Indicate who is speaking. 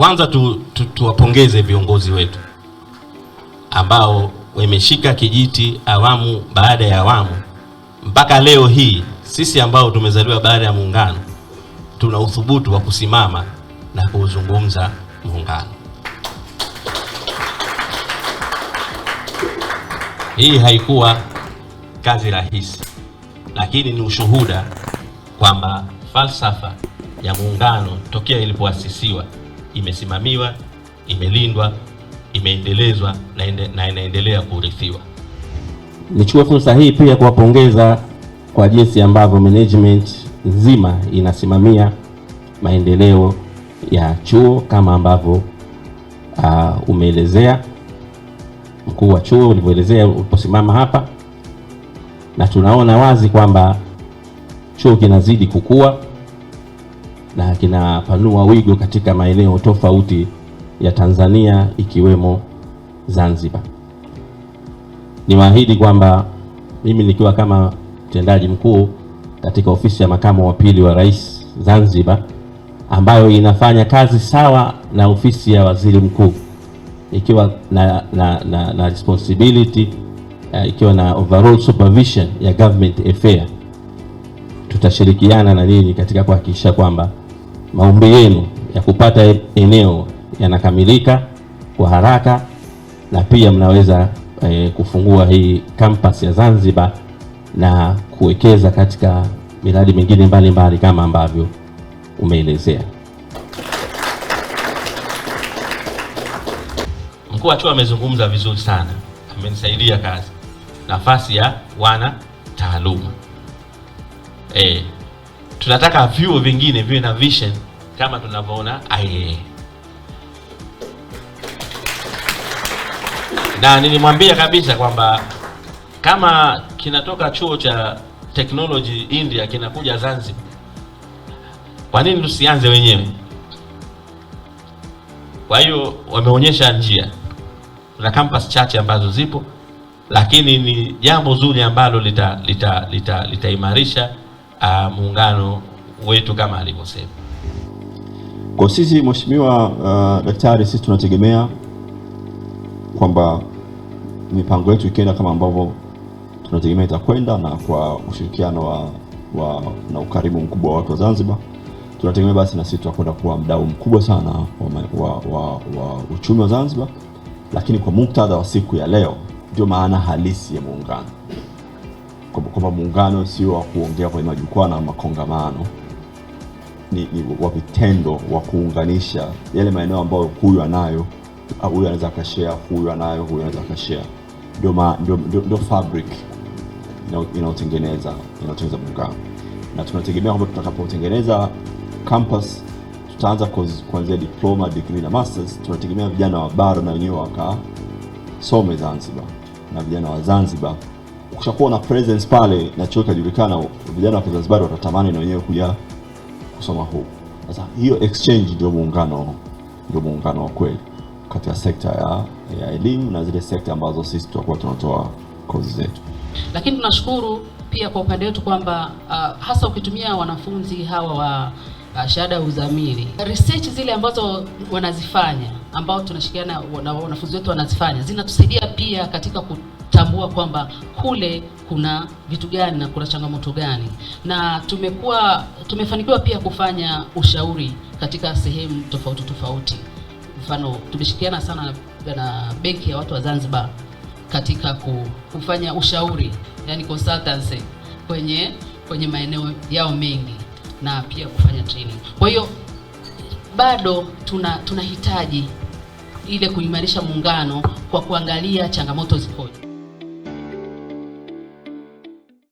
Speaker 1: Kwanza tu, tu, tuwapongeze viongozi wetu ambao wameshika kijiti awamu baada ya awamu mpaka leo hii. Sisi ambao tumezaliwa baada ya muungano tuna uthubutu wa kusimama na kuuzungumza muungano. Hii haikuwa kazi rahisi, lakini ni ushuhuda kwamba falsafa ya muungano tokea ilipoasisiwa imesimamiwa, imelindwa, imeendelezwa na inaendelea kurithiwa.
Speaker 2: Nichukue fursa hii pia kuwapongeza kwa jinsi ambavyo management nzima inasimamia maendeleo ya chuo kama ambavyo uh, umeelezea mkuu wa chuo ulivyoelezea uliposimama hapa, na tunaona wazi kwamba chuo kinazidi kukua na kinapanua wigo katika maeneo tofauti ya Tanzania ikiwemo Zanzibar. Niwaahidi kwamba mimi nikiwa kama mtendaji mkuu katika ofisi ya makamu wa pili wa rais Zanzibar, ambayo inafanya kazi sawa na ofisi ya waziri mkuu ikiwa na, na, na, na responsibility uh, ikiwa na overall supervision ya government affair, tutashirikiana na nini katika kuhakikisha kwamba maombi yenu ya kupata eneo yanakamilika kwa haraka na pia mnaweza e, kufungua hii kampasi ya Zanzibar na kuwekeza katika miradi mingine mbalimbali kama ambavyo umeelezea.
Speaker 1: Mkuu wa chuo amezungumza vizuri sana, amenisaidia kazi, nafasi ya wana taaluma e tunataka vyuo vingine viwe na vision kama tunavyoona IAA. Na nilimwambia kabisa kwamba kama kinatoka chuo cha technology India kinakuja Zanzibar, kwa nini tusianze wenyewe? Kwa hiyo wameonyesha njia, kuna campus chache ambazo zipo, lakini ni jambo zuri ambalo litaimarisha lita, lita, lita uh, muungano wetu kama alivyosema.
Speaker 3: Kwa sisi mheshimiwa uh, daktari, sisi tunategemea kwamba mipango yetu ikienda kama ambavyo tunategemea itakwenda, na kwa ushirikiano wa, wa na ukarimu mkubwa wa watu wa Zanzibar tunategemea basi na sisi tutakwenda kuwa mdau mkubwa sana wa, wa, wa, wa uchumi wa Zanzibar, lakini kwa muktadha wa siku ya leo ndio maana halisi ya muungano kwamba muungano sio wa kuongea kwenye majukwaa na makongamano, ni, ni wa vitendo wa kuunganisha yale maeneo ambayo huyu anayo, huyu anaweza akashea huyu anayo, huyu anaweza akashare. Ndio fabric inayotengeneza inayotengeneza muungano, na tunategemea kwamba tutakapotengeneza campus tutaanza kuanzia diploma, degree na masters. Tunategemea vijana wa bara na wenyewe wakasome Zanzibar na vijana wa Zanzibar ukishakuwa na presence pale na chuo kinajulikana, vijana wa Kizanzibari watatamani na wenyewe kuja kusoma huko. Sasa hiyo exchange ndio muungano, ndio muungano wa kweli kati ya sekta ya, ya elimu na zile sekta ambazo sisi tutakuwa tunatoa kozi zetu.
Speaker 4: Lakini tunashukuru pia kwa upande wetu kwamba uh, hasa ukitumia wanafunzi hawa wa shahada ya uzamili, research zile ambazo wanazifanya ambao tunashikiana na wanafunzi wetu wanazifanya zinatusaidia pia katika kutambua kwamba kule kuna vitu gani na kuna changamoto gani, na tumekuwa tumefanikiwa pia kufanya ushauri katika sehemu tofauti tofauti. Mfano, tumeshirikiana sana na benki ya watu wa Zanzibar katika kufanya ushauri, yani consultancy kwenye kwenye maeneo yao mengi na pia kufanya kufanya training. Kwa hiyo bado tuna tunahitaji ile kuimarisha muungano kwa kuangalia changamoto zikoje.